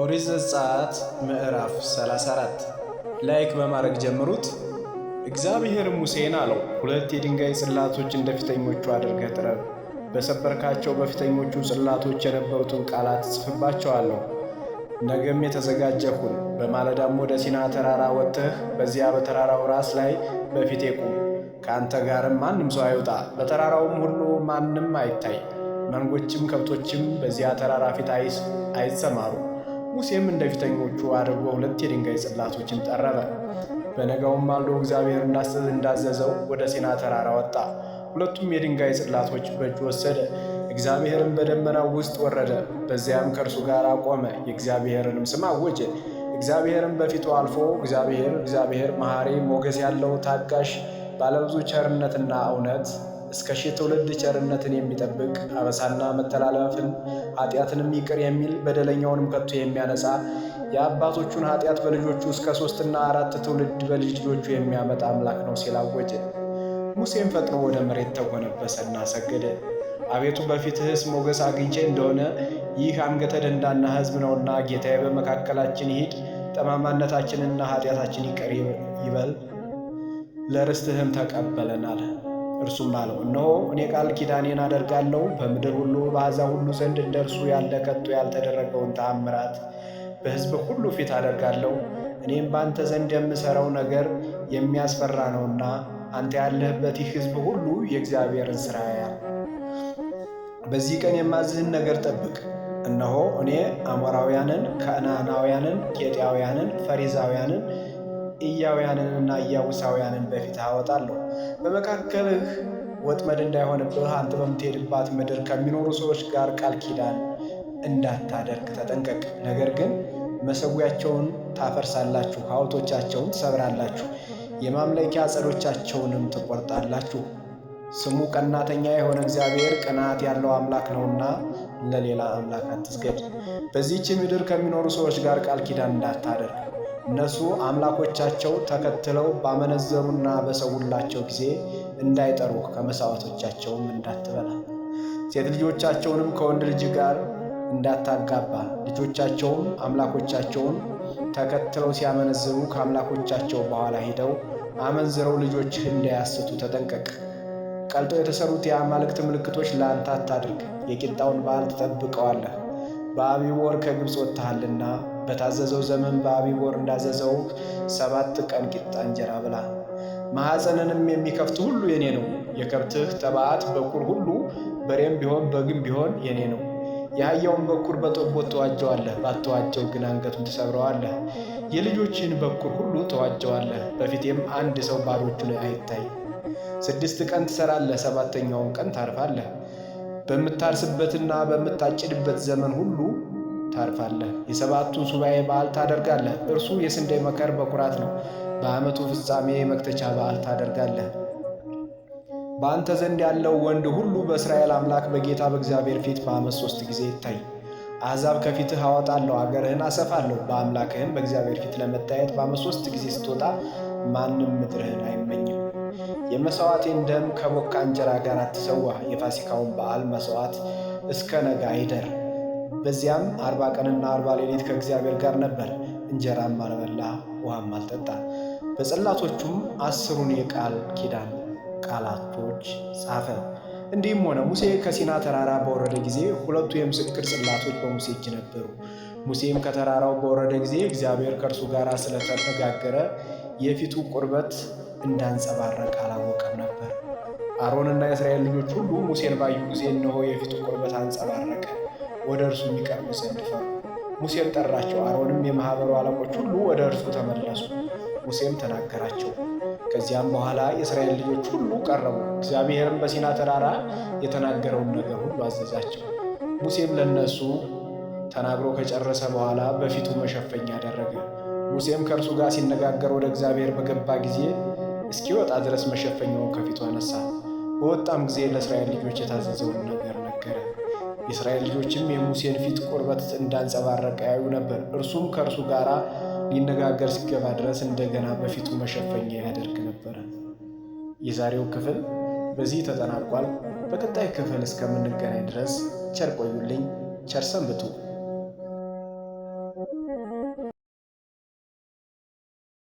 ኦሪት ዘጸአት ምዕራፍ 34 ላይክ በማድረግ ጀምሩት። እግዚአብሔር ሙሴን አለው፣ ሁለት የድንጋይ ጽላቶች እንደ ፊተኞቹ አድርገህ ጥረብ። በሰበርካቸው በፊተኞቹ ጽላቶች የነበሩትን ቃላት ጽፍባቸዋለሁ። ነገም የተዘጋጀሁን በማለዳም ወደ ሲና ተራራ ወጥተህ በዚያ በተራራው ራስ ላይ በፊቴ ቁም። ከአንተ ጋርም ማንም ሰው አይውጣ፣ በተራራውም ሁሉ ማንም አይታይ። መንጎችም ከብቶችም በዚያ ተራራ ፊት አይሰማሩ። ሙሴም እንደ ፊተኞቹ አድርጎ ሁለት የድንጋይ ጽላቶችን ጠረበ። በነጋውም ማልዶ እግዚአብሔር እንዳዘዘው ወደ ሲና ተራራ ወጣ። ሁለቱም የድንጋይ ጽላቶች በእጅ ወሰደ። እግዚአብሔርን በደመናው ውስጥ ወረደ፣ በዚያም ከእርሱ ጋር ቆመ። የእግዚአብሔርንም ስም አወጀ። እግዚአብሔርን በፊቱ አልፎ እግዚአብሔር እግዚአብሔር መሐሪ ሞገስ ያለው ታጋሽ ባለብዙ ቸርነትና እውነት እስከ ሺህ ትውልድ ቸርነትን የሚጠብቅ አበሳና መተላለፍን ኃጢአትንም ይቅር የሚል በደለኛውንም ከቶ የሚያነጻ የአባቶቹን ኃጢአት በልጆቹ እስከ ሦስትና አራት ትውልድ በልጅ ልጆቹ የሚያመጣ አምላክ ነው ሲል አወጀ። ሙሴም ፈጥኖ ወደ መሬት ተጎነበሰና ሰገደ። አቤቱ በፊትህስ ሞገስ አግኝቼ እንደሆነ ይህ አንገተ ደንዳና ሕዝብ ነውና ጌታዬ በመካከላችን ይሂድ፣ ጠማማነታችንና ኃጢአታችን ይቅር ይበል፣ ለርስትህም ተቀበለን አለ። እርሱም አለው፣ እነሆ እኔ ቃል ኪዳኔን አደርጋለሁ በምድር ሁሉ በአሕዛብ ሁሉ ዘንድ እንደ እርሱ ያለ ከቶ ያልተደረገውን ተአምራት በሕዝብ ሁሉ ፊት አደርጋለሁ። እኔም በአንተ ዘንድ የምሠራው ነገር የሚያስፈራ ነውና አንተ ያለህበት ይህ ሕዝብ ሁሉ የእግዚአብሔርን ሥራ ያያል። በዚህ ቀን የማዝህን ነገር ጠብቅ። እነሆ እኔ አሞራውያንን፣ ከነዓናውያንን፣ ኬጢያውያንን፣ ፈሪዛውያንን እያውያንንና እያውሳውያንን በፊት አወጣለሁ። በመካከልህ ወጥመድ እንዳይሆንብህ አንተ በምትሄድባት ምድር ከሚኖሩ ሰዎች ጋር ቃል ኪዳን እንዳታደርግ ተጠንቀቅ። ነገር ግን መሰዊያቸውን ታፈርሳላችሁ፣ ሐውልቶቻቸውን ትሰብራላችሁ፣ የማምለኪያ ዐፀዶቻቸውንም ትቆርጣላችሁ። ስሙ ቀናተኛ የሆነ እግዚአብሔር ቅናት ያለው አምላክ ነውና ለሌላ አምላክ አትስገድ። በዚህች ምድር ከሚኖሩ ሰዎች ጋር ቃል ኪዳን እንዳታደርግ እነሱ አምላኮቻቸው ተከትለው ባመነዘሩና በሰውላቸው ጊዜ እንዳይጠሩ ከመሥዋዕቶቻቸውም እንዳትበላ ሴት ልጆቻቸውንም ከወንድ ልጅ ጋር እንዳታጋባ ልጆቻቸውም አምላኮቻቸውን ተከትለው ሲያመነዝሩ ከአምላኮቻቸው በኋላ ሄደው አመንዝረው ልጆችህ እንዳያስቱ ተጠንቀቅ። ቀልጦ የተሰሩት የአማልክት ምልክቶች ለአንተ አታድርግ። የቂጣውን በዓል ትጠብቀዋለህ። በአቢብ ወር ከግብፅ ወጥተሃልና በታዘዘው ዘመን በአቢብ ወር እንዳዘዘው ሰባት ቀን ቂጣ እንጀራ ብላ። ማኅፀንንም የሚከፍት ሁሉ የኔ ነው። የከብትህ ተባዕት በኩር ሁሉ በሬም ቢሆን በግም ቢሆን የኔ ነው። የአህያውን በኩር በጠቦት ተዋጀዋለህ፣ ባተዋጀው ግን አንገቱን ትሰብረዋለህ። የልጆችህን በኩር ሁሉ ተዋጀዋለህ፣ በፊቴም አንድ ሰው ባዶቹ ላይ አይታይ። ስድስት ቀን ትሰራለህ፣ ሰባተኛውን ቀን ታርፋለህ። በምታርስበትና በምታጭድበት ዘመን ሁሉ ታርፋለህ። የሰባቱን ሱባኤ በዓል ታደርጋለህ። እርሱ የስንዴ መከር በኩራት ነው። በዓመቱ ፍጻሜ የመክተቻ በዓል ታደርጋለህ። በአንተ ዘንድ ያለው ወንድ ሁሉ በእስራኤል አምላክ በጌታ በእግዚአብሔር ፊት በዓመት ሦስት ጊዜ ይታይ። አሕዛብ ከፊትህ አወጣለሁ፣ አገርህን አሰፋለሁ። በአምላክህም በእግዚአብሔር ፊት ለመታየት በዓመት ሦስት ጊዜ ስትወጣ ማንም ምድርህን አይመኝም። የመሥዋዕቴን ደም ከቦካ እንጀራ ጋር አትሰዋ። የፋሲካውን በዓል መሥዋዕት እስከ ነጋ አይደር። በዚያም አርባ ቀንና አርባ ሌሊት ከእግዚአብሔር ጋር ነበር፣ እንጀራም አልበላ ውሃም አልጠጣ። በጽላቶቹም አስሩን የቃል ኪዳን ቃላቶች ጻፈ። እንዲህም ሆነ ሙሴ ከሲና ተራራ በወረደ ጊዜ ሁለቱ የምስክር ጽላቶች በሙሴ እጅ ነበሩ። ሙሴም ከተራራው በወረደ ጊዜ እግዚአብሔር ከእርሱ ጋር ስለተነጋገረ የፊቱ ቁርበት እንዳንጸባረቅ አላወቀም ነበር። አሮንና የእስራኤል ልጆች ሁሉ ሙሴን ባዩ ጊዜ እነሆ የፊቱ ቁርበት አንጸባረቀ። ወደ እርሱ የሚቀርቡ ዘንድ ፈሩ። ሙሴም ጠራቸው፣ አሮንም የማኅበሩ አለቆች ሁሉ ወደ እርሱ ተመለሱ። ሙሴም ተናገራቸው። ከዚያም በኋላ የእስራኤል ልጆች ሁሉ ቀረቡ። እግዚአብሔርም በሲና ተራራ የተናገረውን ነገር ሁሉ አዘዛቸው። ሙሴም ለነሱ ተናግሮ ከጨረሰ በኋላ በፊቱ መሸፈኛ አደረገ። ሙሴም ከእርሱ ጋር ሲነጋገር ወደ እግዚአብሔር በገባ ጊዜ እስኪወጣ ድረስ መሸፈኛውን ከፊቱ አነሳ። በወጣም ጊዜ ለእስራኤል ልጆች የታዘዘውን ነገር ነገረ። የእስራኤል ልጆችም የሙሴን ፊት ቁርበት እንዳንጸባረቀ ያዩ ነበር። እርሱም ከእርሱ ጋር ሊነጋገር ሲገባ ድረስ እንደገና በፊቱ መሸፈኛ ያደርግ ነበረ። የዛሬው ክፍል በዚህ ተጠናቋል። በቀጣይ ክፍል እስከምንገናኝ ድረስ ቸር ቆዩልኝ፣ ቸር ሰንብቱ።